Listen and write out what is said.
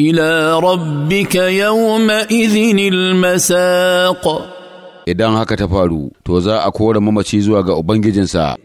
Ila الى ربك izinin المساق idan haka ta faru to za a kora mamaci zuwa ga ubangijinsa